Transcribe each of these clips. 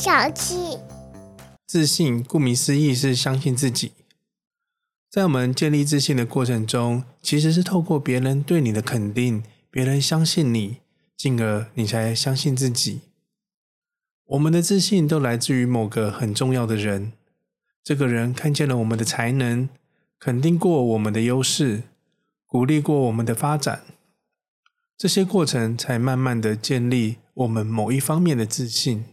小氣自信顧名思義是相信自己。在我們建立自信的過程中，其實是透過別人對你的肯定，別人相信你，進而你才相信自己。我們的自信都來自於某個很重要的人，這個人看見了我們的才能，肯定過我們的優勢，鼓勵過我們的發展，這些過程才慢慢的建立我們某一方面的自信。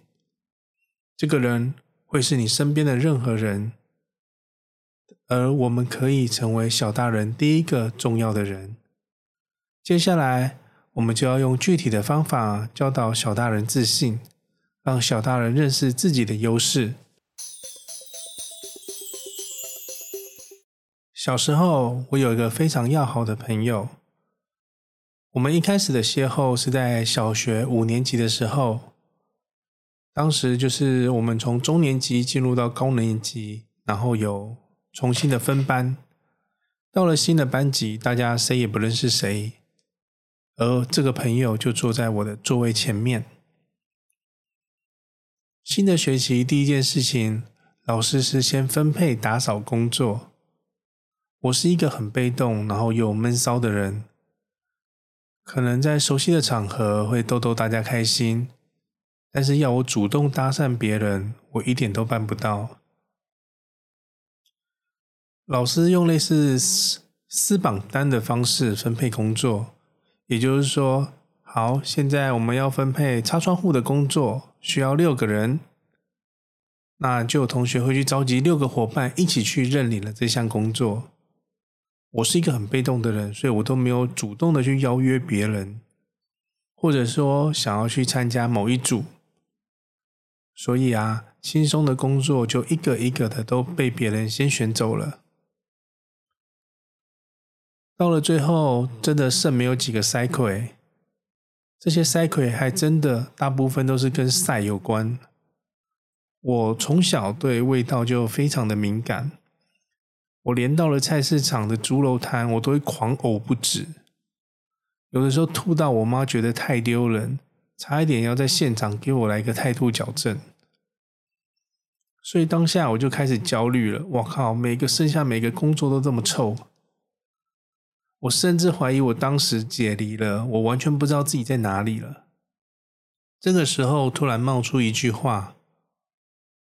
這個人會是你身邊的任何人，而我們可以成為小大人第一個重要的人。接下來，我們就要用具體的方法教導小大人自信，讓小大人認識自己的優勢。小時候，我有一個非常要好的朋友，我們一開始的邂逅是在小學五年級的時候。當時就是我們從中年級進入到高年級，然後有重新的分班，到了新的班級，大家誰也不認識誰，而這個朋友就坐在我的座位前面。新的學期第一件事情，老師是先分配打掃工作。我是一個很被動，然後又悶騷的人，可能在熟悉的場合會逗逗大家開心。但是要我主動搭訕別人，我一點都辦不到。老師用類似撕撕榜單的方式分配工作，也就是說，好，現在我們要分配擦窗戶的工作，需要六個人，那就有同學會去召集六個夥伴一起去認領了這項工作。我是一個很被動的人，所以我都沒有主動的去邀約別人，或者說想要去參加某一組。所以啊，輕鬆的工作就一個一個的都被別人先選走了。到了最後，真的剩沒有幾個屎缺，這些屎缺還真的大部分都是跟屎有關。我從小對味道就非常的敏感，我連到了菜市場的豬肉攤，我都會狂嘔不止。有的時候吐到我媽覺得太丟人。差一點要在現場給我來一個態度矯正，所以當下我就開始焦慮了。我靠，每個剩下每個工作都這麼臭，我甚至懷疑我當時解離了，我完全不知道自己在哪裡了。這個時候突然冒出一句話：“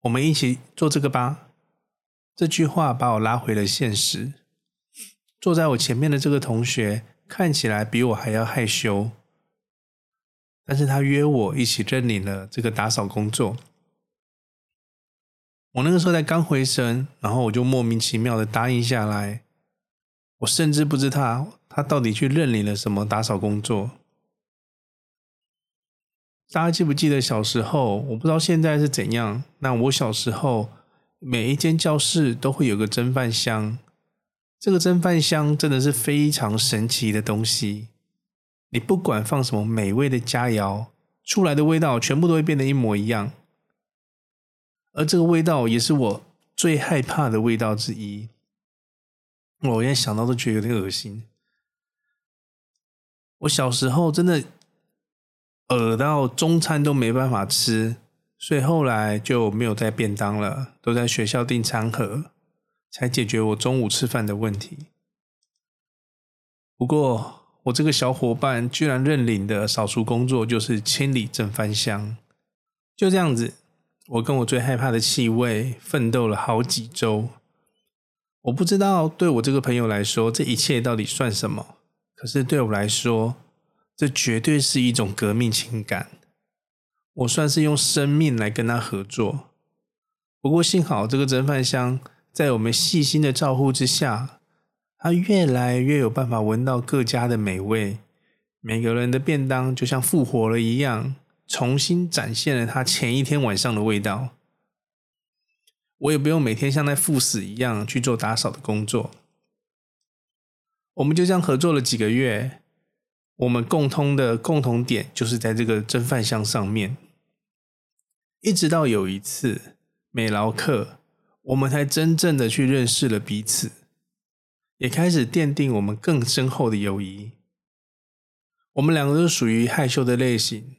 我們一起做這個吧。”這句話把我拉回了現實。坐在我前面的這個同學看起來比我還要害羞。但是他約我一起認領了這個打掃工作，我那個時候才剛回神，然後我就莫名其妙的答應下來，我甚至不知他他到底去認領了什麼打掃工作。大家記不記得小時候？我不知道現在是怎樣。那我小時候，每一間教室都會有個蒸飯箱，這個蒸飯箱真的是非常神奇的東西。你不管放什麼美味的佳餚，出來的味道全部都會變得一模一樣，而這個味道也是我最害怕的味道之一。我我現在想到都覺得有點噁心。我小時候真的，餓到中餐都沒辦法吃，所以後來就沒有帶便當了，都在學校訂餐盒，才解決我中午吃飯的問題。不過，我這個小伙伴居然認領的掃除工作就是清理蒸飯箱，就這樣子，我跟我最害怕的氣味奮鬥了好幾週。我不知道對我這個朋友來說，這一切到底算什麼，可是對我來說，這絕對是一種革命情感。我算是用生命來跟他合作。不過幸好這個蒸飯箱在我們細心的照護之下。他越來越有辦法聞到各家的美味，每個人的便當就像復活了一樣，重新展現了他前一天晚上的味道。我也不用每天像在赴死一樣去做打掃的工作。我們就這樣合作了幾個月，我們共通的共同點就是在這個蒸飯箱上面。一直到有一次，美勞課，我們才真正的去認識了彼此。也開始奠定我們更深厚的友誼。我們兩個都屬於害羞的類型，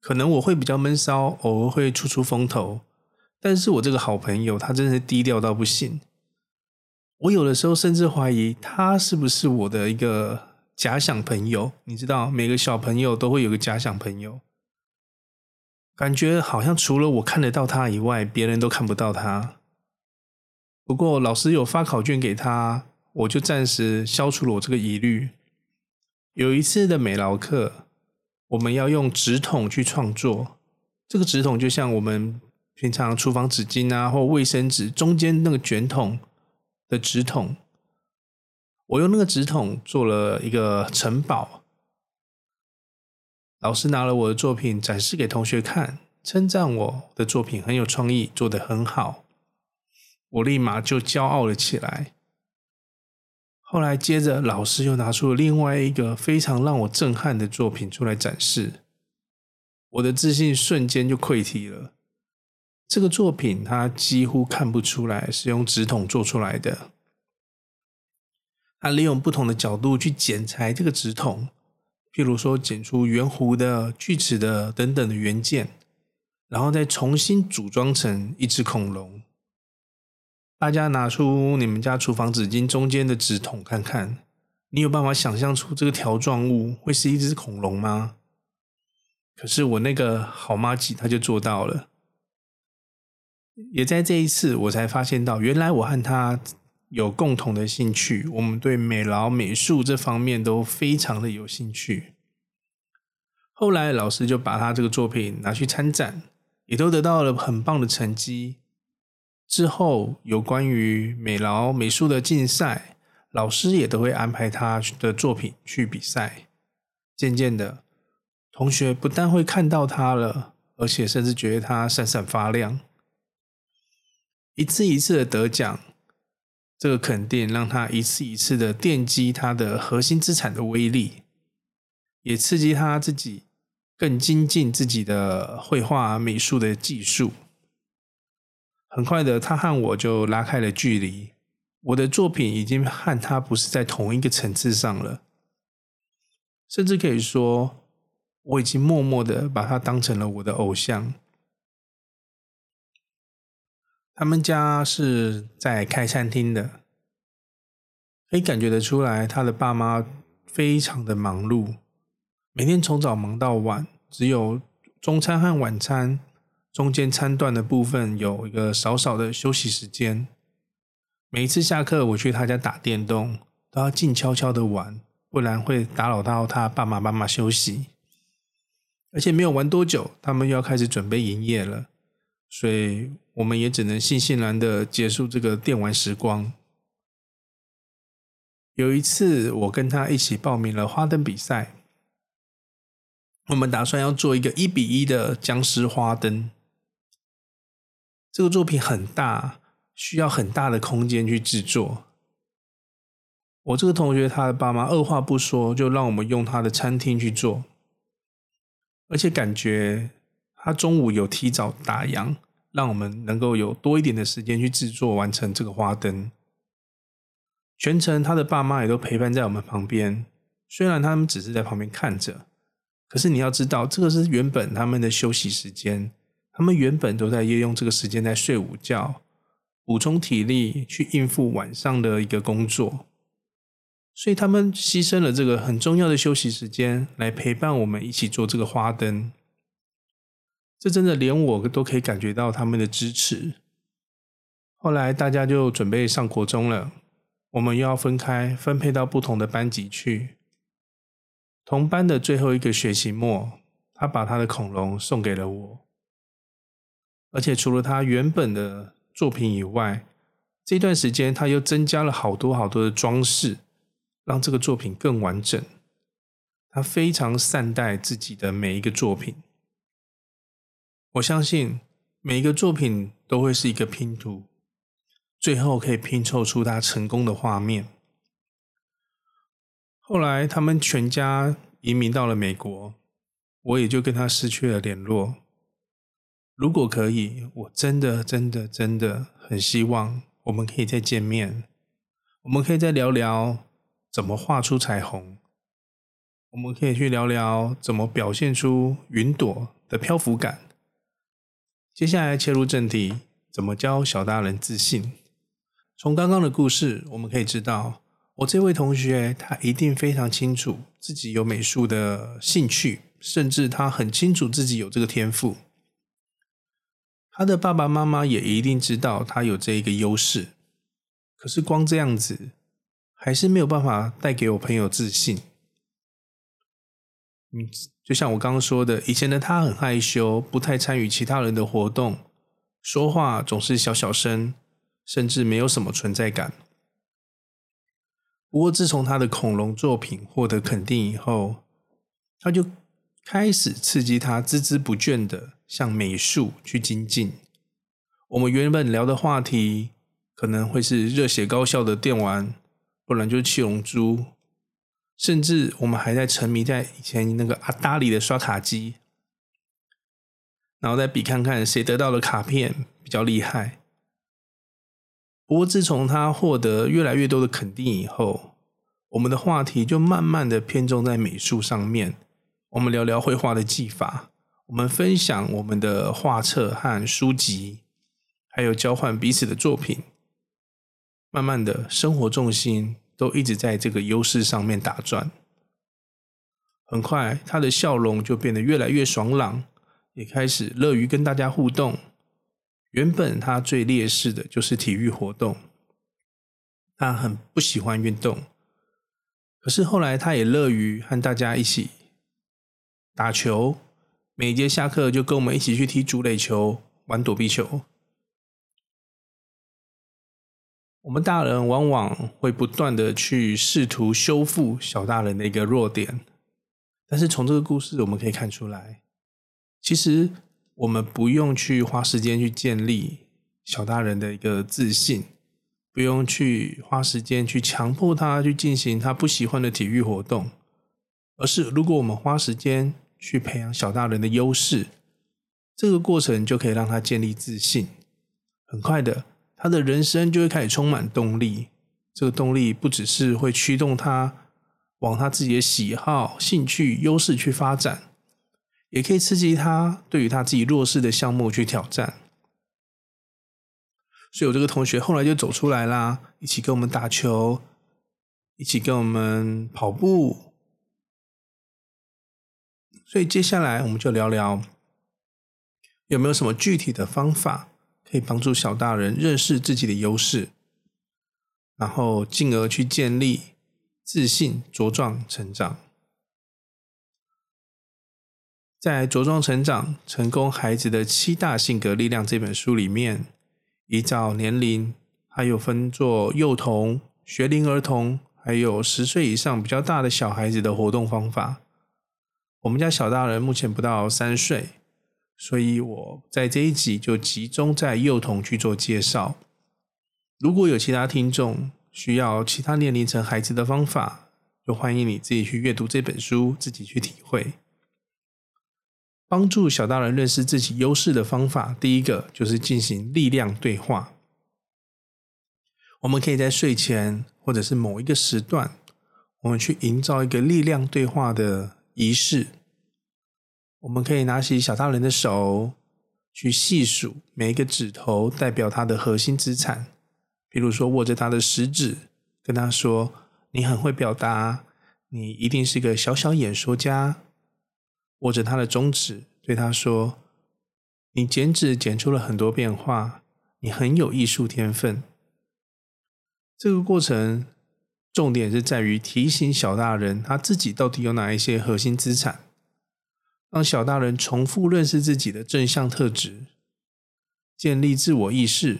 可能我會比較悶騷，偶爾會出出風頭。但是我這個好朋友，他真的是低調到不行。我有的時候甚至懷疑，他是不是我的一個假想朋友？你知道，每個小朋友都會有個假想朋友，感覺好像除了我看得到他以外，別人都看不到他。不過老師有發考卷給他。我就暫時消除了我這個疑慮。有一次的美勞課，我們要用紙筒去創作，這個紙筒就像我們平常廚房紙巾啊，或衛生紙中間那個捲筒的紙筒。我用那個紙筒做了一個城堡。老師拿了我的作品展示給同學看，稱讚我的作品很有創意，做得很好。我立馬就驕傲了起來。後來，接着老師又拿出了另外一個非常讓我震撼的作品出來展示，我的自信瞬間就潰堤了。這個作品它幾乎看不出來是用紙筒做出來的，它利用不同的角度去剪裁這個紙筒，譬如說剪出圓弧的、鋸齒的等等的元件，然後再重新組裝成一隻恐龍。大家拿出你們家廚房紙巾中間的紙筒看看，你有辦法想象出這個條狀物會是一隻恐龍嗎？可是我那個好麻吉他就做到了，也在這一次我才發現到，原來我和他有共同的興趣，我們對美勞美術這方面都非常的有興趣。後來老師就把他這個作品拿去參展，也都得到了很棒的成績。之後有關於美勞美術的競賽，老師也都會安排他的作品去比賽。漸漸的，同學不但會看到他了，而且甚至覺得他閃閃發亮。一次一次的得獎，這個肯定讓他一次一次的奠基他的核心資產的威力，也刺激他自己更精進自己的繪畫美術的技術。很快的，他和我就拉開了距離。我的作品已經和他不是在同一個層次上了，甚至可以說，我已經默默的把他當成了我的偶像。他們家是在開餐廳的，可以感覺得出來，他的爸媽非常的忙碌，每天從早忙到晚，只有中餐和晚餐。中間餐段的部分有一個少少的休息時間。每一次下課我去他家打電動，都要靜悄悄的玩，不然會打擾到他爸爸媽媽休息。而且沒有玩多久，他們又要開始準備營業了，所以我們也只能悻悻然的結束這個電玩時光。有一次，我跟他一起報名了花燈比賽，我們打算要做一個一比一的殭屍花燈。這個作品很大，需要很大的空間去制作。我這個同學他的爸媽二話不說就讓我們用他的餐廳去做，而且感覺他中午有提早打烊，讓我們能夠有多一點的時間去制作完成這個花燈。全程他的爸媽也都陪伴在我們旁邊，雖然他們只是在旁邊看着，可是你要知道，這個是原本他們的休息時間。他們原本都在利用這個時間在睡午覺，補充體力去應付晚上的一個工作，所以他們犧牲了這個很重要的休息時間來陪伴我們一起做這個花燈。這真的連我都可以感覺到他們的支持。後來大家就準備上國中了，我們又要分開，分配到不同的班級去。同班的最後一個學期末，他把他的恐龍送給了我。而且除了他原本的作品以外，這段時間他又增加了好多好多的裝飾，讓這個作品更完整。他非常善待自己的每一個作品。我相信每一個作品都會是一個拼圖，最後可以拼湊出他成功的畫面。後來他們全家移民到了美國，我也就跟他失去了聯絡。如果可以，我真的、真的、真的很希望我們可以再見面，我們可以再聊聊怎麼畫出彩虹，我們可以去聊聊怎麼表現出雲朵的漂浮感。接下來切入正題，怎麼教小大人自信？從剛剛的故事，我們可以知道，我這位同學他一定非常清楚自己有美術的興趣，甚至他很清楚自己有這個天賦。他的爸爸媽媽也一定知道他有這一個優勢，可是光這樣子還是沒有辦法帶給我朋友自信。嗯，就像我剛剛說的，以前的他很害羞，不太參與其他人的活動，說話總是小小聲，甚至沒有什麼存在感。不過自從他的恐龍作品獲得肯定以後，他就開始刺激他孜孜不倦的向美術去精進。我們原本聊的話題可能會是熱血高校的電玩，不然就是七龍珠，甚至我們還在沉迷在以前那個阿達里的刷卡機，然後再比看看誰得到的卡片比較厲害。不過自從他獲得越來越多的肯定以後，我們的話題就慢慢的偏重在美術上面。我們聊聊繪畫的技法，我們分享我們的畫冊和書籍，還有交換彼此的作品。慢慢的生活重心都一直在這個優勢上面打轉。很快，他的笑容就變得越來越爽朗，也開始樂於跟大家互動。原本他最劣勢的就是體育活動，他很不喜歡運動。可是後來，他也樂於和大家一起。打球，每一節下課就跟我們一起去踢足壘球、玩躲避球。我們大人往往會不斷的去試圖修復小大人的一個弱點，但是從這個故事我們可以看出來，其實我們不用去花時間去建立小大人的一個自信，不用去花時間去強迫他去進行他不喜歡的體育活動，而是如果我們花時間。去培養小大人的優勢，這個過程就可以讓他建立自信。很快的，他的人生就會開始充滿動力。這個動力不只是會驅動他往他自己的喜好、興趣、優勢去發展，也可以刺激他對於他自己弱勢的項目去挑戰。所以，我這個同學後來就走出來啦，一起跟我們打球，一起跟我們跑步。所以接下來我們就聊聊有沒有什麼具體的方法可以幫助小大人認識自己的優勢，然後進而去建立自信、茁壯成長。在《茁壯成長：成功孩子的七大性格力量》這本書裡面，依照年齡，還有分作幼童、學齡兒童，還有十歲以上比較大的小孩子的活動方法。我們家小大人目前不到三歲，所以我在這一集就集中在幼童去做介紹。如果有其他聽眾需要其他年齡層孩子的方法，就歡迎你自己去閱讀這本書，自己去體會。幫助小大人認識自己優勢的方法，第一個就是進行力量對話。我們可以在睡前，或者是某一個時段，我們去營造一個力量對話的儀式，我們可以拿起小大人的手，去細數每一個指頭，代表他的核心資產。比如說，握着他的食指，跟他說：“你很會表達，你一定是個小小演說家。”握着他的中指，對他說：“你剪紙剪出了很多變化，你很有藝術天分。”這個過程。重點是在於提醒小大人他自己到底有哪一些核心資產，讓小大人重複認識自己的正向特質，建立自我意識。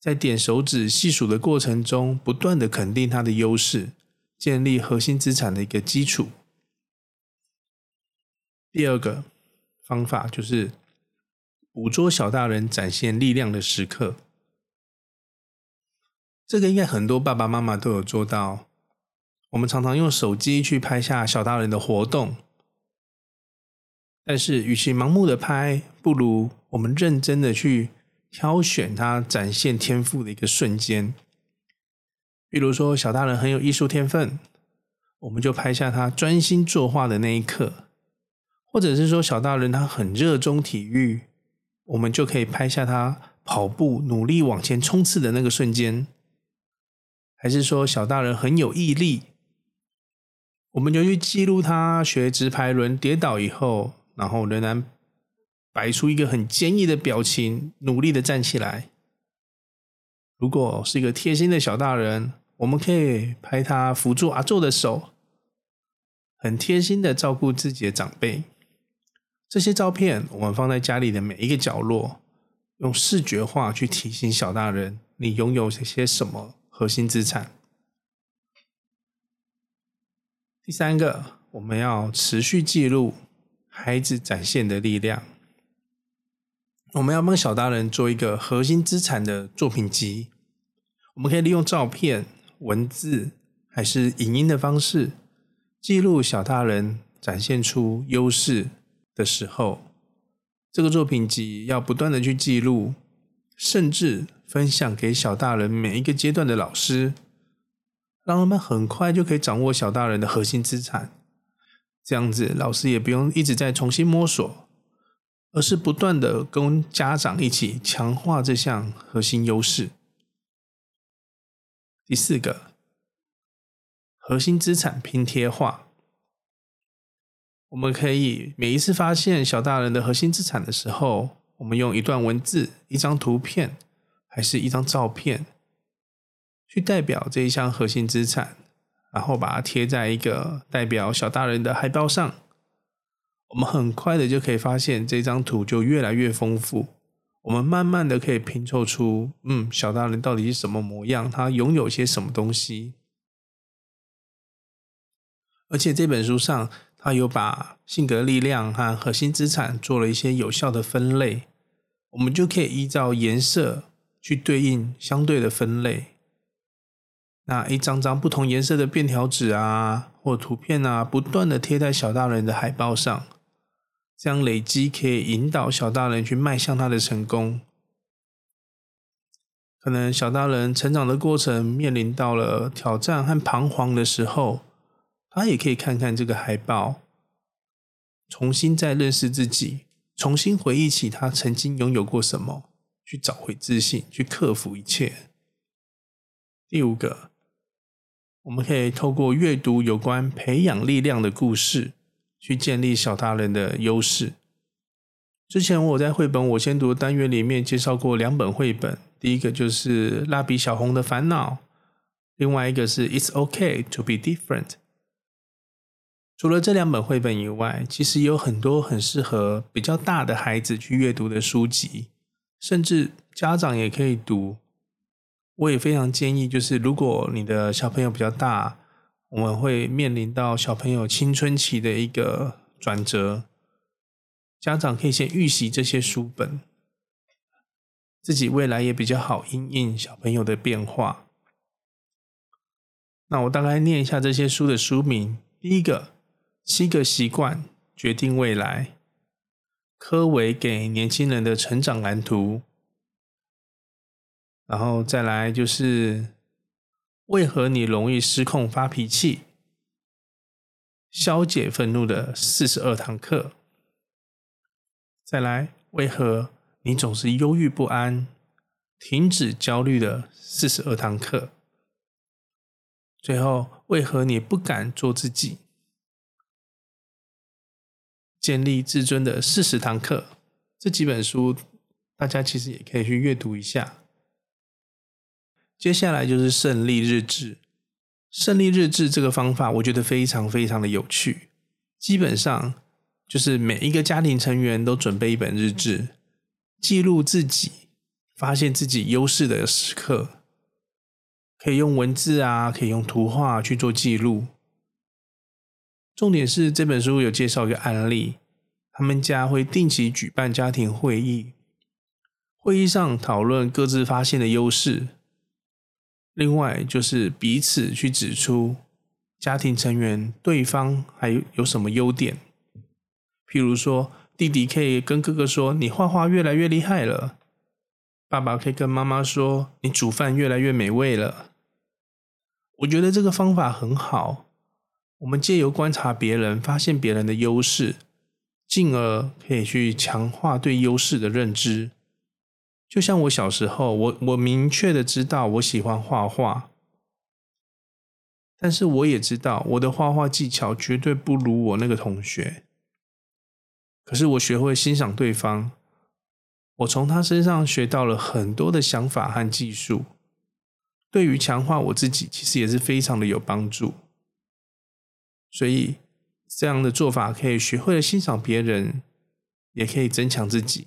在點手指細數的過程中，不斷的肯定他的優勢，建立核心資產的一個基礎。第二個方法就是捕捉小大人展現力量的時刻。這個應該很多爸爸媽媽都有做到。我們常常用手機去拍下小大人的活動，但是與其盲目的拍，不如我們認真的去挑選他展現天賦的一個瞬間。比如說，小大人很有藝術天分，我們就拍下他專心作畫的那一刻；或者是說，小大人他很熱衷體育，我們就可以拍下他跑步努力往前衝刺的那個瞬間。還是說，小大人很有毅力，我們就去記錄他學直排輪跌倒以後，然後仍然擺出一個很堅毅的表情，努力的站起來。如果是一個貼心的小大人，我們可以拍他扶住阿祖的手，很貼心的照顧自己的長輩。這些照片我們放在家裡的每一個角落，用視覺化去提醒小大人，你擁有些什麼。核心資產。第三個，我們要持續記錄孩子展現的力量。我們要幫小大人做一個核心資產的作品集。我們可以利用照片、文字還是影音的方式，記錄小大人展現出優勢的時候。這個作品集要不斷的去記錄，甚至分享給小大人每一個階段的老師，讓他們很快就可以掌握小大人的核心資產。這樣子，老師也不用一直在重新摸索，而是不斷的跟家長一起強化這項核心優勢。第四個，核心資產拼貼畫。我們可以每一次發現小大人的核心資產的時候，我們用一段文字、一張圖片。還是一張照片去代表這一項核心資產，然後把它貼在一個代表小大人的海報上。我們很快的就可以發現，這張圖就越來越豐富。我們慢慢的可以拼湊出，嗯，小大人到底是什麼模樣，他擁有些什麼東西。而且這本書上，他有把性格力量和核心資產做了一些有效的分類，我們就可以依照顏色。去對應相對的分類，那一張張不同顏色的便條紙啊，或圖片啊，不斷的貼在小大人的海報上，這樣累積可以引導小大人去邁向他的成功。可能小大人成長的過程面臨到了挑戰和彷徨的時候，他也可以看看這個海報，重新再認識自己，重新回憶起他曾經擁有過什麼。去找回自信，去克服一切。第五個，我們可以透過閱讀有關培養力量的故事，去建立小大人的優勢。之前我在繪本我先讀的單元裡面介紹過兩本繪本，第一個就是《蠟筆小紅的煩惱》，另外一個是《It's OK to Be Different》。除了這兩本繪本以外，其實也有很多很適合比較大的孩子去閱讀的書籍。甚至家長也可以讀，我也非常建議，就是如果你的小朋友比較大，我們會面臨到小朋友青春期的一個轉折，家長可以先預習這些書本，自己未來也比較好因應小朋友的變化。那我大概念一下這些書的書名，第一個《七個習慣決定未來》。科維給年輕人的成長藍圖，然後再來就是為何你容易失控發脾氣，消解憤怒的四十二堂課。再來，為何你總是憂鬱不安，停止焦慮的四十二堂課。最後，為何你不敢做自己？建立自尊的四十堂課，這幾本書大家其實也可以去閱讀一下。接下來就是勝利日誌。勝利日誌這個方法，我覺得非常非常的有趣。基本上就是每一個家庭成員都準備一本日誌，記錄自己發現自己優勢的時刻，可以用文字啊，可以用圖畫啊，去做記錄。重點是這本書有介紹一個案例，他們家會定期舉辦家庭會議，會議上討論各自發現的優勢，另外就是彼此去指出家庭成員對方還有什麼優點，譬如說弟弟可以跟哥哥說你畫畫越來越厲害了，爸爸可以跟媽媽說你煮飯越來越美味了，我覺得這個方法很好。我們借由觀察別人，發現別人的優勢，進而可以去強化對優勢的認知。就像我小時候，我我明確的知道我喜歡畫畫，但是我也知道我的畫畫技巧絕對不如我那個同學。可是我學會欣賞對方，我從他身上學到了很多的想法和技術，對於強化我自己，其實也是非常的有幫助。所以，這樣的做法可以學會了欣賞別人，也可以增強自己。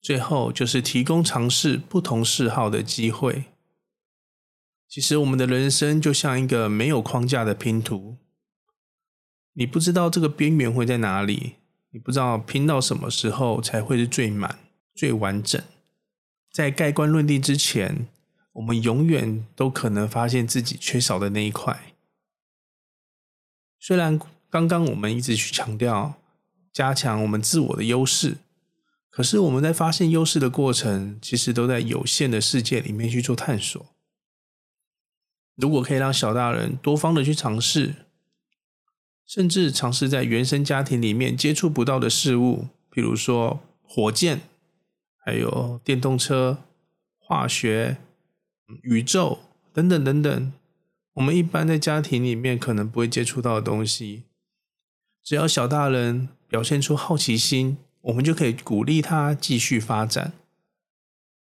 最後就是提供嘗試不同嗜好的機會。其實我們的人生就像一個沒有框架的拼圖，你不知道這個邊緣會在哪裡，你不知道拼到什麼時候才會是最滿、最完整。在蓋棺論定之前，我們永遠都可能發現自己缺少的那一塊。雖然剛剛我們一直去強調加強我們自我的優勢，可是我們在發現優勢的過程，其實都在有限的世界裡面去做探索。如果可以讓小大人多方的去嘗試，甚至嘗試在原生家庭裡面接觸不到的事物，比如說火箭，還有電動車、化學、宇宙等等等等。我們一般在家庭裡面可能不會接觸到的東西，只要小大人表現出好奇心，我們就可以鼓勵他繼續發展，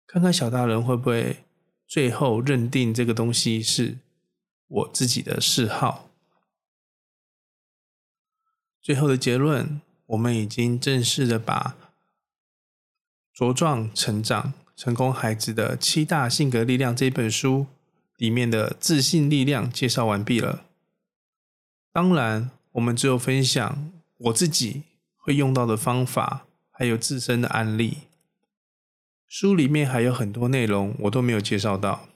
看看小大人會不會最後認定這個東西是我自己的嗜好。最後的結論，我們已經正式的把《茁壯成長！成功孩子的七大性格力量》這一本書。裡面的自信力量介紹完畢了。當然，我們只有分享我自己會用到的方法，還有自身的案例。書裡面還有很多內容我都沒有介紹到。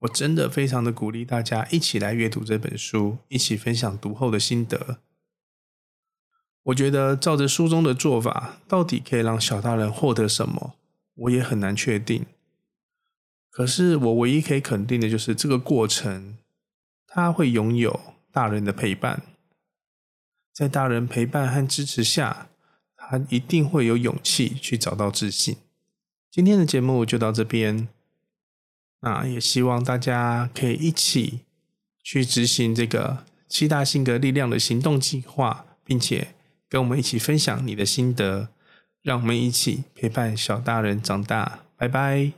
我真的非常的鼓勵大家一起來閱讀這本書，一起分享讀後的心得。我覺得照着書中的做法，到底可以讓小大人獲得什麼，我也很難確定。可是，我唯一可以肯定的就是，這個過程他會擁有大人的陪伴，在大人陪伴和支持下，他一定會有勇氣去找到自信。今天的節目就到這邊，那也希望大家可以一起去執行這個七大性格力量的行動計劃，並且跟我們一起分享你的心得，讓我們一起陪伴小大人長大。拜拜。